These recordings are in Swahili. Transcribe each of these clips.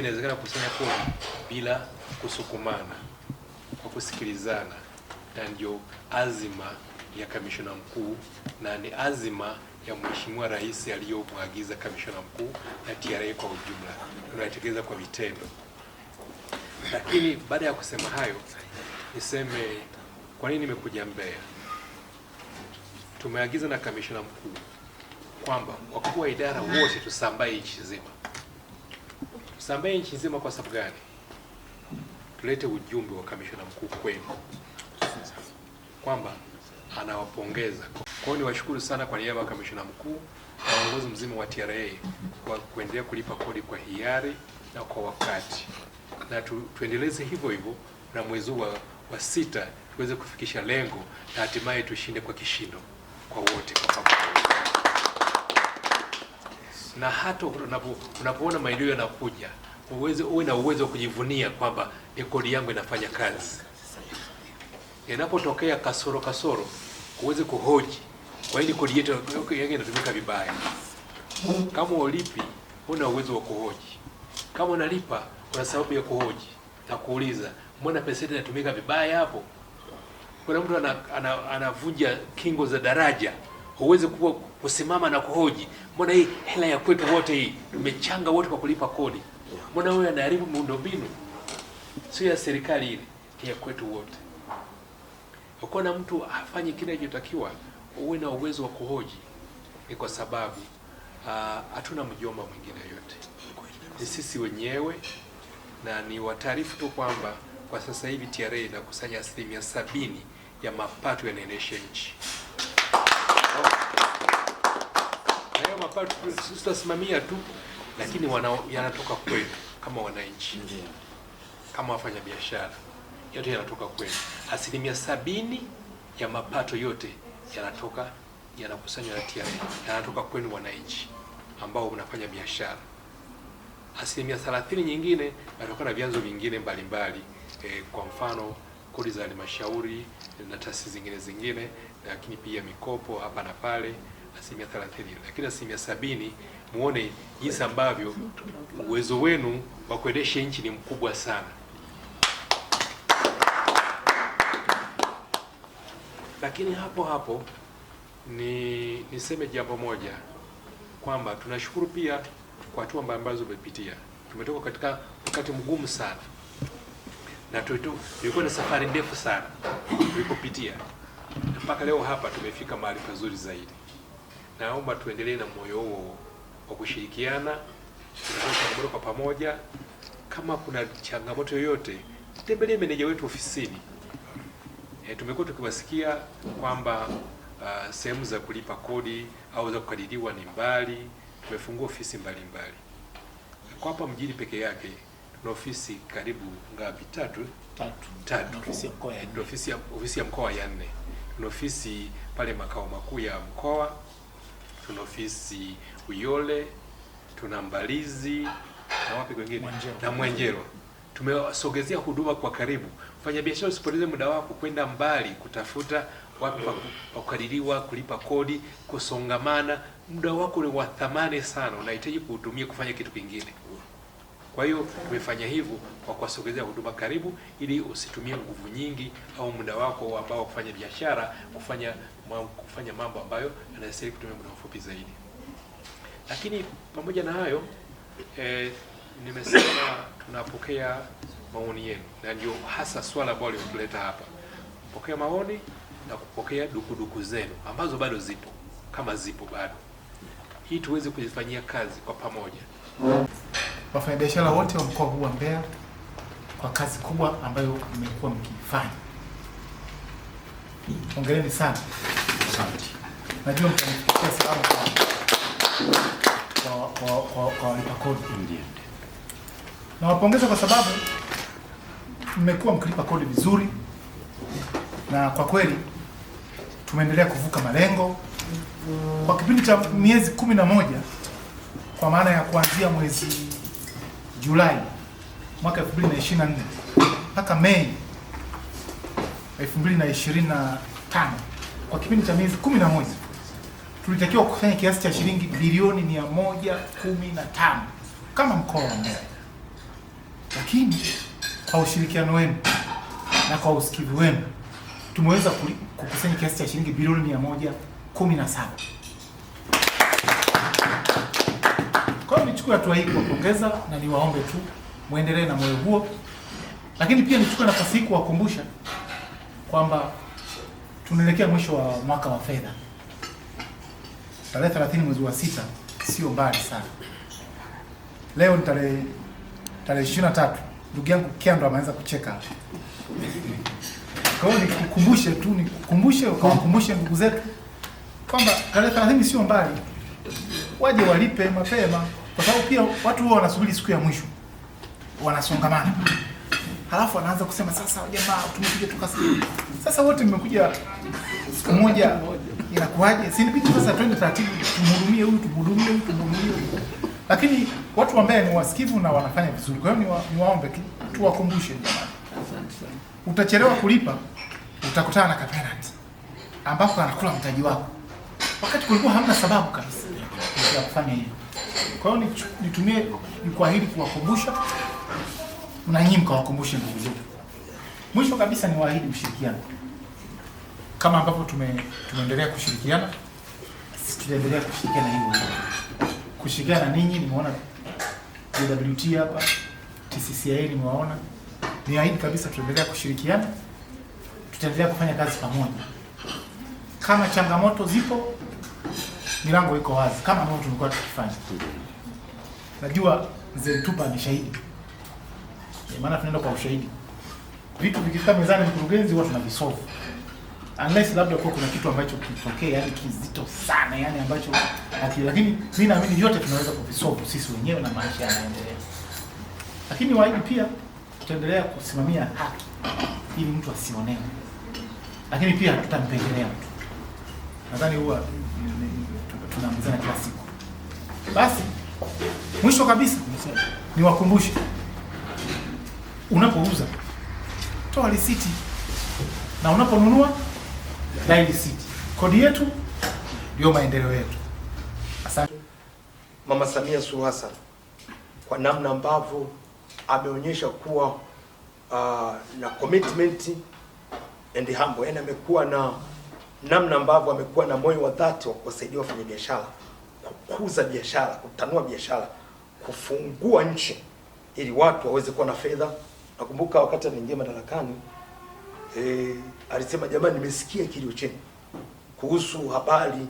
inawezekana kusanya kodi bila kusukumana, kwa kusikilizana, na ndio azima ya kamishona mkuu na ni azima ya Mheshimiwa Rais aliyomwagiza kamishona mkuu na TRA kwa ujumla, tunaitekeleza kwa vitendo. Lakini baada ya kusema hayo, niseme kwa nini nimekuja Mbeya. Tumeagiza na kamishona mkuu kwamba wakuu wa idara wote tusambae nchi nzima tusamehe nchi nzima. Kwa sababu gani? Tulete ujumbe wa kamishona mkuu kwenu kwamba anawapongeza. Kwa hiyo washukuru sana kwa niaba ya kamishona mkuu na uongozi mzima wa TRA kwa kuendelea kulipa kodi kwa hiari na kwa wakati, na tu, tuendeleze hivyo hivyo na mwezi wa, wa sita tuweze kufikisha lengo na hatimaye tushinde kwa kishindo kwa wote kwa pamoja na hata unapoona maendeleo yanakuja uweze uwe na uwezo wa kujivunia kwamba rekodi yangu inafanya kazi. Inapotokea kasoro kasoro, uweze kuhoji kwa hiyo kodi yetu yake inatumika vibaya. Kama ulipi, una uwezo wa kuhoji. Kama unalipa, una sababu ya kuhoji na kuuliza, mbona pesa inatumika vibaya hapo? Kuna mtu anavunja ana, ana kingo za daraja huwezi kuwa kusimama na kuhoji, mbona hii hela ya kwetu wote hii tumechanga wote kwa kulipa kodi, mbona wewe anaharibu miundombinu, sio ya serikali ile, ya kwetu wote. Ukiwa na mtu afanye kile kinachotakiwa, uwe na uwezo wa kuhoji. Ni kwa sababu ah, hatuna mjomba mwingine yote, ni sisi wenyewe, na ni wataarifu tu kwamba kwa sasa hivi TRA inakusanya asilimia sabini ya mapato yanaendesha nchi. ambayo sisi tu, lakini yanatoka kwetu kama wananchi kama wafanya biashara yote yanatoka kwetu. Asilimia sabini ya mapato yote yanatoka yanakusanywa na TRA yanatoka kwenu wananchi ambao mnafanya biashara. Asilimia thelathini nyingine yanatoka na vyanzo vingine mbalimbali mbali. Eh, e, kwa mfano kodi za halmashauri na taasisi zingine zingine, lakini pia mikopo hapa na pale asilimia 30 lakini asilimia sabini, muone jinsi ambavyo uwezo wenu wa kuendesha nchi ni mkubwa sana. Lakini hapo hapo ni niseme jambo moja kwamba tunashukuru pia kwa hatua mbalimbali ambazo umepitia. Tumetoka katika wakati mgumu sana na tulikuwa na safari ndefu sana tulipopitia, mpaka leo hapa tumefika mahali pazuri zaidi naomba tuendelee na moyo huo wa kushirikiana changamoto kwa pamoja. Kama kuna changamoto yoyote, tembelee meneja wetu ofisini. E, tumekuwa tukiwasikia kwamba uh, sehemu za kulipa kodi au za kukadiriwa ni mbali. Tumefungua ofisi mbalimbali kwa hapa mjini peke yake tuna ofisi karibu ngapi? Tatu, tatu, tatu. Eh, ofisi ya mkoa ya nne, tuna ofisi pale makao makuu ya mkoa tuna ofisi Uyole, tuna Mbalizi na wapi kwingine na Mwenjero. Tumewasogezea huduma kwa karibu. Fanya biashara, usipoteze muda wako kwenda mbali kutafuta wapi pa kukadiriwa, kulipa kodi, kusongamana. Muda wako ni wa thamani sana, unahitaji kuutumia kufanya kitu kingine. Kwa hiyo tumefanya hivyo kwa kuwasogezea huduma karibu, ili usitumie nguvu nyingi au muda wako ambao kufanya biashara kufanya kufanya mambo ambayo yanastahili kutumia muda mfupi zaidi. Lakini pamoja na hayo eh, nimesema tunapokea maoni yenu, na ndio hasa swala ambalo limetuleta hapa, kupokea maoni na kupokea dukuduku zenu ambazo bado zipo, kama zipo bado, hii tuweze kuzifanyia kazi kwa pamoja wafanyabiashara wote wa mkoa huu wa Mbeya kwa kazi kubwa ambayo mmekuwa mkiifanya. Hongereni sana. Asante. Najua mtanifikia salamu kwa kwa kwa kwa walipa kodi. Ndiyo. Nawapongeza kwa sababu mmekuwa mkilipa kodi vizuri na kwa kweli tumeendelea kuvuka malengo kwa kipindi cha miezi kumi na moja kwa maana ya kuanzia mwezi Julai mwaka 2024 mpaka Mei 2025 kwa kipindi cha miezi 11 tulitakiwa kukusanya kiasi cha shilingi bilioni 115 kama mkoa wa Mbeya, lakini kwa ushirikiano wenu na kwa usikivu wenu tumeweza kukusanya kiasi cha shilingi bilioni 117. Nichukue hatua hii kuwapongeza na niwaombe tu muendelee na moyo huo, lakini pia nichukue nafasi hii kuwakumbusha kwamba tunaelekea mwisho wa mwaka wa fedha. Tarehe 30 mwezi wa sita sio mbali sana. Leo ni tarehe tarehe 23. Ndugu yangu ndo ameanza kucheka. Kwa hiyo nikukumbushe tu, nikukumbushe ukawakumbushe ndugu zetu kwamba tarehe 30 sio mbali, waje walipe mapema kwa sababu pia watu huwa wanasubiri siku ya mwisho, wanasongamana, halafu wanaanza kusema sasa, jamaa tumekuja tukasi, sasa wote mmekuja siku moja, inakuwaje? Si nipige sasa, twende taratibu, tumhudumie huyu, tumhudumie huyu, tumhudumie huyu. Lakini watu ambaye ni wasikivu na wanafanya vizuri, kwa hiyo niwaombe tu, tuwakumbushe jamaa, asante sana. utachelewa kulipa, utakutana na penalty ambapo anakula mtaji wako, wakati kulikuwa hamna sababu kabisa ya kufanya hiyo. Kwa hiyo nitumie jukwaa hili kuwakumbusha na nyinyi mkawakumbushe ndugu zetu. Mwisho kabisa ni waahidi ushirikiano, kama tume tumeendelea kushirikiana, tutaendelea kushirikiana hivyo, kushirikiana na ninyi. Nimeona JWT hapa, TCCIA nimewaona. Niahidi kabisa tutaendelea kushirikiana, tutaendelea kufanya kazi pamoja. Kama changamoto zipo milango iko wazi kama ambavyo tulikuwa tukifanya. Najua mzee Tupa ni shahidi, maana tunaenda kwa ushahidi. Vitu vikifika mezani, mkurugenzi, huwa tunavisolve unless labda kwa kuna kitu ambacho kitokee, yani kizito sana, yani ambacho lakini, lakini mimi naamini yote tunaweza kuvisolve sisi wenyewe na maisha yanaendelea. Lakini waidi pia tutaendelea kusimamia haki ili mtu asionewe, lakini pia tutampendelea mtu. Nadhani huwa tunaambizana kila siku. Basi mwisho kabisa niwakumbushe, unapouza toa risiti na unaponunua dai risiti. Kodi yetu ndio maendeleo yetu. Asante Mama Samia Suluhu Hassan kwa namna ambavyo ameonyesha kuwa uh, na commitment and humble, yani amekuwa na namna ambavyo amekuwa na moyo wa dhati wa kuwasaidia wafanyabiashara kukuza biashara, kutanua biashara, kufungua nchi ili watu waweze kuwa na fedha. Nakumbuka wakati anaingia madarakani e, alisema jamani, nimesikia kilio chenu kuhusu habari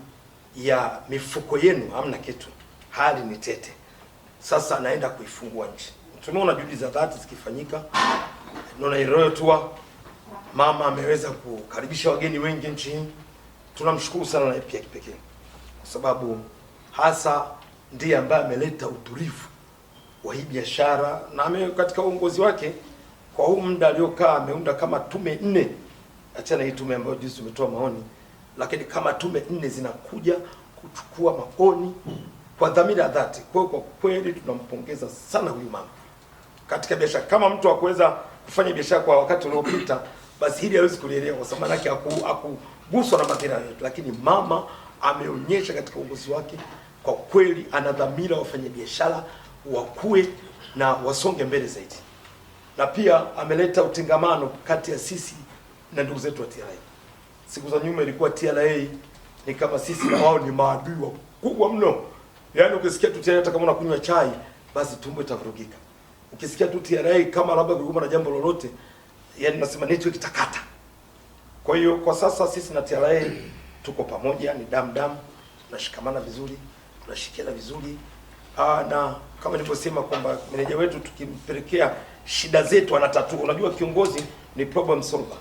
ya mifuko yenu, hamna kitu, hali ni tete. Sasa anaenda kuifungua nchi. Tumeona juhudi za dhati zikifanyika. Naona Iroyo tu mama ameweza kukaribisha wageni wengi nchi hii tunamshukuru sana naye pia kipekee, kwa sababu hasa ndiye ambaye ameleta utulivu wa hii biashara na ame katika uongozi wake kwa huu muda aliokaa ameunda kama tume nne, achana hii tume ambayo juzi tumetoa maoni, lakini kama tume nne zinakuja kuchukua maoni kwa dhamira dhati. Kwa kwa kweli tunampongeza sana huyu mama katika biashara. Kama mtu hakuweza kufanya biashara kwa wakati uliopita, basi hili hawezi kulielewa, kwa sababu yake kuguswa na madhira yote, lakini mama ameonyesha katika uongozi wake kwa kweli ana dhamira wafanyabiashara wakue na wasonge mbele zaidi, na pia ameleta utengamano kati ya sisi na ndugu zetu wa TRA. Siku za nyuma ilikuwa TRA ni kama sisi na wao ni maadui wakubwa mno, yaani ukisikia tu TRA hata kama unakunywa chai basi tumbo itavurugika. Ukisikia tu TRA kama labda kulikuwa na jambo lolote, yaani nasema network itakata. Kwa hiyo kwa sasa sisi na TRA tuko pamoja, ni damu damu, tunashikamana vizuri, tunashikiana vizuri aa, ah, na kama nilivyosema kwamba meneja wetu tukimpelekea shida zetu anatatua. Unajua kiongozi ni problem solver,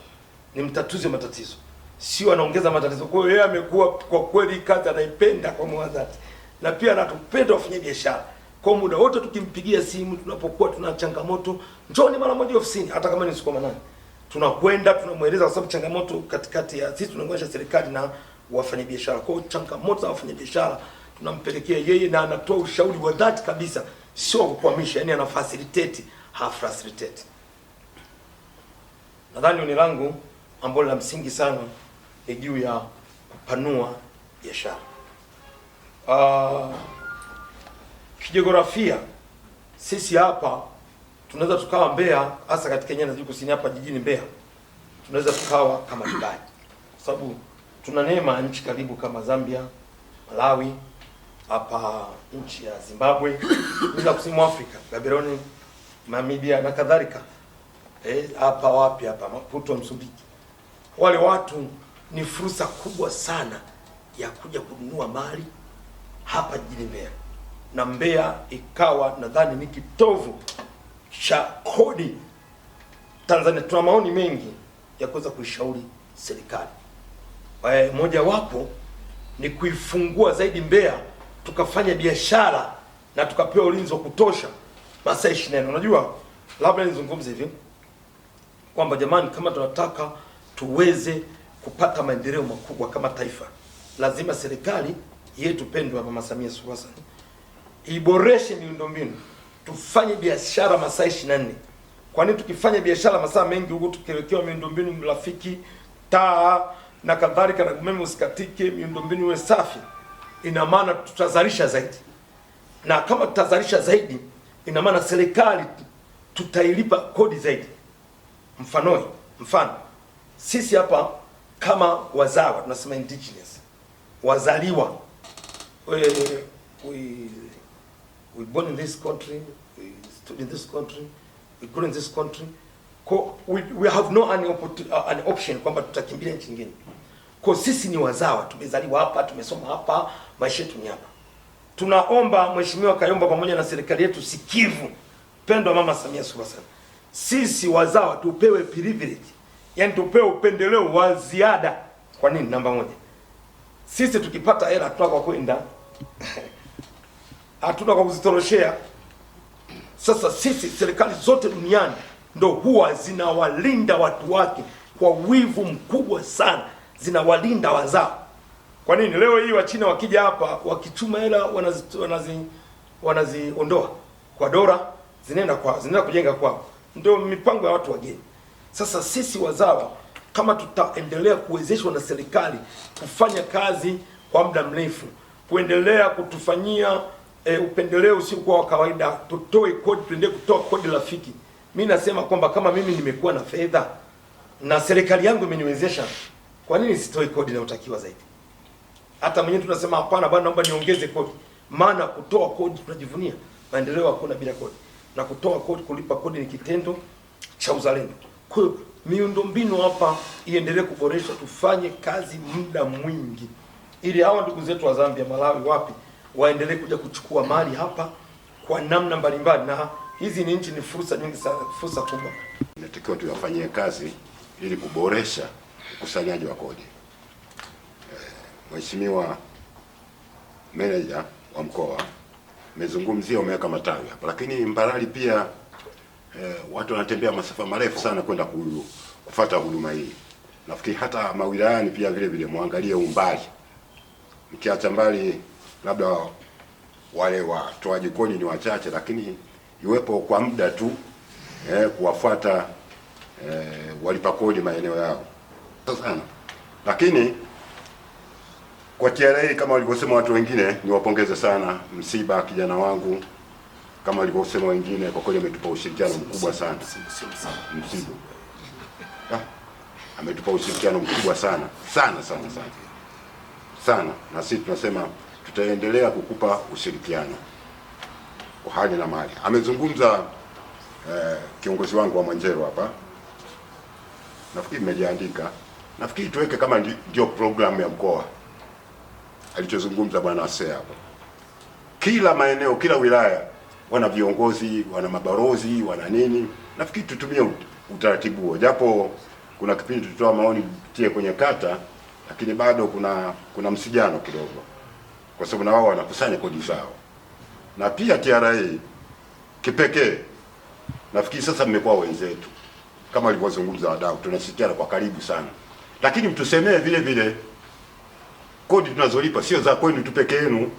ni mtatuzi wa matatizo, sio anaongeza matatizo. Kwa hiyo yeye amekuwa kwa kweli kazi anaipenda kwa mwanzati, na pia anatupenda wafanya biashara kwa muda wote, tukimpigia simu tunapokuwa tuna changamoto, njoni mara moja ofisini, hata kama ni siku manane tunakwenda tunamweleza, kwa sababu changamoto katikati ya sisi tunaongoza serikali na wafanyabiashara. Kwa hiyo changamoto za wafanyabiashara tunampelekea yeye, na anatoa ushauri wa dhati kabisa, sio kukwamisha, yani ana facilitate half facilitate. Nadhani ni langu ambalo la msingi sana ni juu ya kupanua biashara. Uh, kijiografia sisi hapa tunaweza tukawa Mbeya, hasa katika nyanda za kusini hapa jijini Mbeya, tunaweza tukawa kama Dubai kwa sababu tuna neema ya nchi karibu kama Zambia, Malawi, hapa nchi ya Zimbabwe, nchi za kusini mwa Afrika, Gaborone, Namibia na kadhalika, e, hapa e, wapi hapa Maputo, Msumbiji. Wale watu ni fursa kubwa sana ya kuja kununua mali hapa jijini Mbeya na Mbeya ikawa nadhani ni kitovu cha kodi Tanzania, tuna maoni mengi ya kuweza kuishauri serikali. moja wapo ni kuifungua zaidi Mbeya, tukafanya biashara na tukapewa ulinzi wa kutosha masaa 24. Unajua, labda nizungumze hivi kwamba jamani, kama tunataka tuweze kupata maendeleo makubwa kama taifa, lazima serikali yetu pendwa Mama Samia Suluhu Hassan iboreshe miundombinu tufanye biashara masaa ishirini na nne. tukifanya biashara masaa mengi huku tukiwekewa miundombinu rafiki, taa na kadhalika, na umeme usikatike, miundombinu iwe safi, ina maana tutazalisha zaidi, na kama tutazalisha zaidi, ina maana serikali tutailipa kodi zaidi. Mfano, mfano sisi hapa kama wazawa tunasema indigenous wazaliwa, we, we, we born in this country, we stood in this country, we grew in this country. Ko, we, we have no any uh, an option kwamba tutakimbilia nchi nyingine. Kwa sisi ni wazawa, tumezaliwa hapa, tumesoma hapa, maisha yetu ni hapa. Tunaomba Mheshimiwa Kayomba pamoja na serikali yetu sikivu, pendwa Mama Samia Suluhu Hassan, sisi wazawa tupewe privilege, yani tupewe upendeleo wa ziada. Kwa nini? Namba moja, sisi tukipata hela tunataka kwenda hatuna kwa kuzitoroshea. Sasa sisi serikali zote duniani ndo huwa zinawalinda watu wake kwa wivu mkubwa sana, zinawalinda wazao. Kwa nini leo hii Wachina wakija hapa wakichuma hela wanaziondoa wanazi, wanazi kwa dola zinaenda kwa zinaenda kujenga kwao, ndio mipango ya watu wageni. Sasa sisi wazawa kama tutaendelea kuwezeshwa na serikali kufanya kazi kwa muda mrefu, kuendelea kutufanyia e, upendeleo usikuwa wa kawaida, tutoe kodi, tuende kutoa kodi rafiki. Mimi nasema kwamba kama mimi nimekuwa na fedha na serikali yangu imeniwezesha, kwa nini sitoi kodi inayotakiwa zaidi? Hata mwenyewe tunasema hapana bwana, naomba niongeze kodi, maana kutoa kodi tunajivunia. Maendeleo hakuna bila kodi, na kutoa kodi, kulipa kodi ni kitendo cha uzalendo. Kwa hiyo miundombinu hapa iendelee kuboreshwa, tufanye kazi muda mwingi, ili hawa ndugu zetu wa Zambia, Malawi, wapi waendelee kuja kuchukua mali hapa kwa namna mbalimbali, na hizi ni nchi, ni fursa nyingi sana, fursa kubwa. Inatakiwa tuyafanyie kazi ili kuboresha ukusanyaji wa kodi. Eh, Mheshimiwa meneja wa mkoa mezungumzia, umeweka matawi hapa, lakini Mbarali pia eh, watu wanatembea masafa marefu sana kwenda kufata huduma hii. Nafikiri hata mawilayani pia vile vile mwangalie umbali, mkiacha mbali labda wale watoaji kodi ni wachache, lakini iwepo kwa muda tu eh, kuwafuata eh, walipa kodi maeneo yao sana. Lakini kwa TRA kama walivyosema watu wengine, niwapongeze sana Msiba, kijana wangu, kama walivyosema wengine, kwa kweli ametupa ushirikiano mkubwa sana Msiba. Ah, ametupa ushirikiano mkubwa sana sana sana sana sana, na sisi tunasema tutaendelea kukupa ushirikiano kwa hali na mali. Amezungumza eh, kiongozi wangu wa Mwanjero hapa, nafikiri mmejiandika, nafikiri tuweke kama ndio programu ya mkoa alichozungumza bwana Asea hapa. Kila maeneo, kila wilaya wana viongozi, wana mabalozi, wana nini. Nafikiri tutumie utaratibu huo, japo kuna kipindi tulitoa maoni tie kwenye kata, lakini bado kuna kuna msijano kidogo kwa sababu na wao wanakusanya kodi zao, na pia TRA kipekee nafikiri sasa mmekuwa wenzetu kama alivyozungumza wadau, tunashirikiana kwa karibu sana, lakini mtusemee vile vile kodi tunazolipa sio za kwenu tu peke yenu,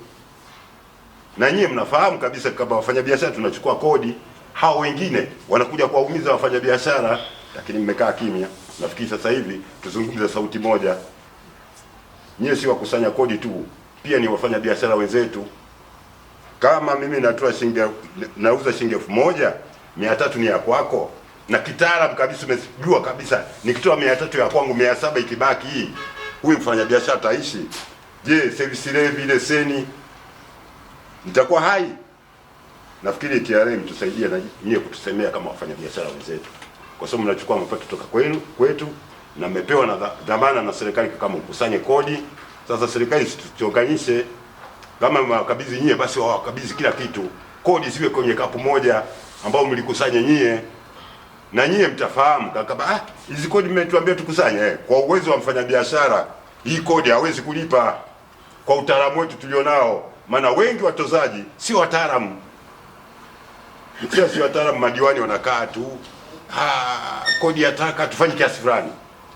na nyie mnafahamu kabisa kama wafanyabiashara tunachukua kodi, hao wengine wanakuja kuwaumiza wafanyabiashara, lakini mmekaa kimya. Nafikiri sasa hivi tuzungumze sauti moja, nyie si wakusanya kodi tu pia ni wafanya biashara wenzetu. Kama mimi natoa shilingi nauza shilingi elfu moja mia tatu ni ya kwako, na kitaalamu kabisa umejua kabisa nikitoa mia tatu ya kwangu mia saba ikibaki, hii, huyu mfanya biashara ataishi? Je, service levy, leseni, nitakuwa hai? Nafikiri TRA mtusaidie na nyie kutusemea kama wafanya biashara wenzetu, kwa sababu mnachukua mapato kutoka kwenu kwetu, na mmepewa na dhamana na serikali kama ukusanye kodi sasa serikali tuchanganyishe, kama mawakabidhi nyie, basi wawakabidhi kila kitu, kodi ziwe kwenye kapu moja ambao mlikusanya nyie, na nyie mtafahamu kaka, ah, hizi kodi mmetuambia tukusanye eh, Kwa uwezo wa mfanyabiashara hii kodi hawezi kulipa kwa utaalamu wetu tulionao, maana wengi watozaji si wataalamu sio si wataalamu, madiwani wanakaa tu ah, kodi yataka tufanye kiasi fulani,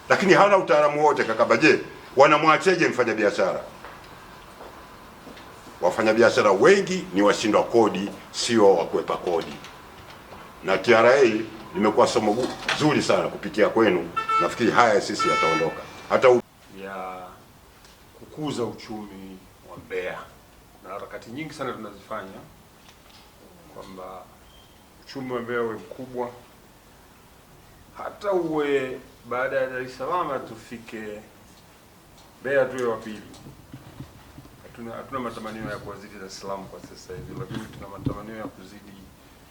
lakini hawana utaalamu wote kaka wanamwacheje mfanyabiashara? Wafanyabiashara wengi ni washindwa kodi, sio wakwepa kodi, na TRA limekuwa somo zuri sana kupitia kwenu. Nafikiri haya sisi yataondoka hata u... ya kukuza uchumi wa Mbeya. na harakati nyingi sana tunazifanya kwamba uchumi wa Mbeya uwe mkubwa, hata uwe baada ya Dar es Salaam tufike Mbeya tuwe wa pili. Hatuna hatuna matamanio ya kuwazidi Dar es Salaam kwa sasa hivi, lakini tuna matamanio ya kuzidi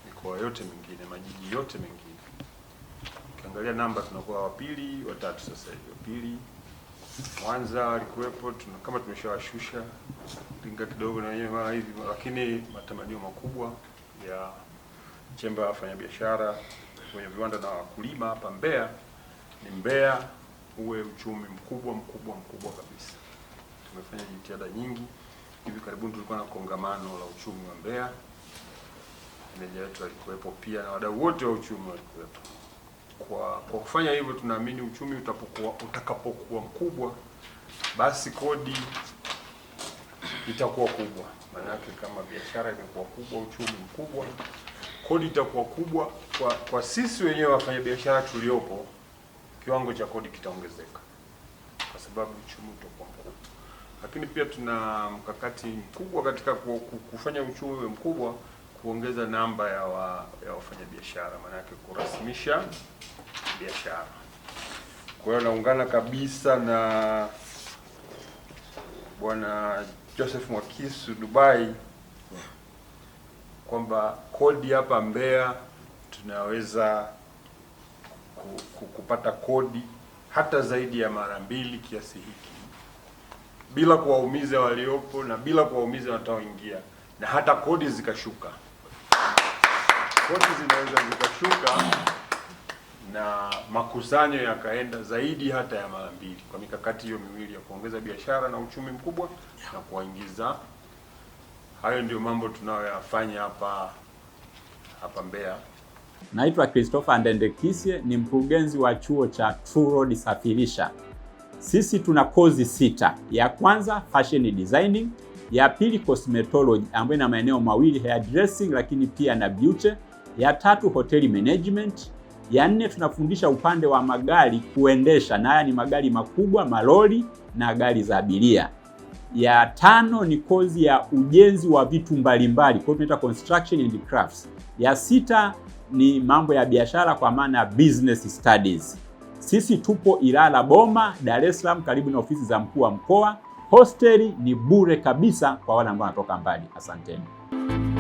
mikoa yote mingine, majiji yote mengine. Ukiangalia namba tunakuwa wa pili, wa tatu sasa hivi, wa pili. Mwanza alikuwepo tuna, kama tumeshawashusha linga kidogo na yeye mara hivi, lakini matamanio makubwa ya chemba wafanyabiashara kwenye viwanda na wakulima hapa Mbeya ni Mbeya uwe uchumi mkubwa mkubwa mkubwa kabisa. Tumefanya jitihada nyingi. Hivi karibuni tulikuwa na kongamano la uchumi wa Mbeya, meneja wetu alikuwepo pia na wadau wote wa uchumi walikuwepo. Kwa, kwa kufanya hivyo tunaamini uchumi utapokuwa utakapokuwa mkubwa basi kodi itakuwa kubwa. Maana yake kama biashara imekuwa kubwa, uchumi mkubwa, kodi itakuwa kubwa kwa, kwa sisi wenyewe wafanyabiashara tuliopo kiwango cha kodi kitaongezeka kwa sababu uchumi utakuwa mkubwa, lakini pia tuna mkakati mkubwa katika kufanya uchumi mkubwa, kuongeza namba ya wa, ya wafanyabiashara, yake kurasimisha biashara. Kwa hiyo naungana kabisa na Bwana Joseph Mwakisu Dubai kwamba kodi hapa Mbeya tunaweza kupata kodi hata zaidi ya mara mbili kiasi hiki bila kuwaumiza waliopo na bila kuwaumiza wataoingia na hata kodi zikashuka. Kodi zinaweza zikashuka na makusanyo yakaenda zaidi hata ya mara mbili, kwa mikakati hiyo miwili ya kuongeza biashara na uchumi mkubwa na kuwaingiza. Hayo ndio mambo tunayoyafanya hapa hapa Mbeya. Naitwa Christopher Ndendekisye, ni mkurugenzi wa chuo cha True Road Safirisha. Sisi tuna kozi sita. Ya kwanza fashion designing, ya pili cosmetology ambayo ina maeneo mawili hair dressing, lakini pia na beauty. Ya tatu hoteli management. Ya nne tunafundisha upande wa magari kuendesha, na haya ni magari makubwa, malori na gari za abiria. Ya tano ni kozi ya ujenzi wa vitu mbalimbali, kwa construction and crafts. Ya sita ni mambo ya biashara kwa maana business studies. Sisi tupo Ilala Boma, Dar es Salaam, karibu na ofisi za mkuu wa mkoa. Hosteli ni bure kabisa kwa wale ambao wanatoka mbali. Asanteni.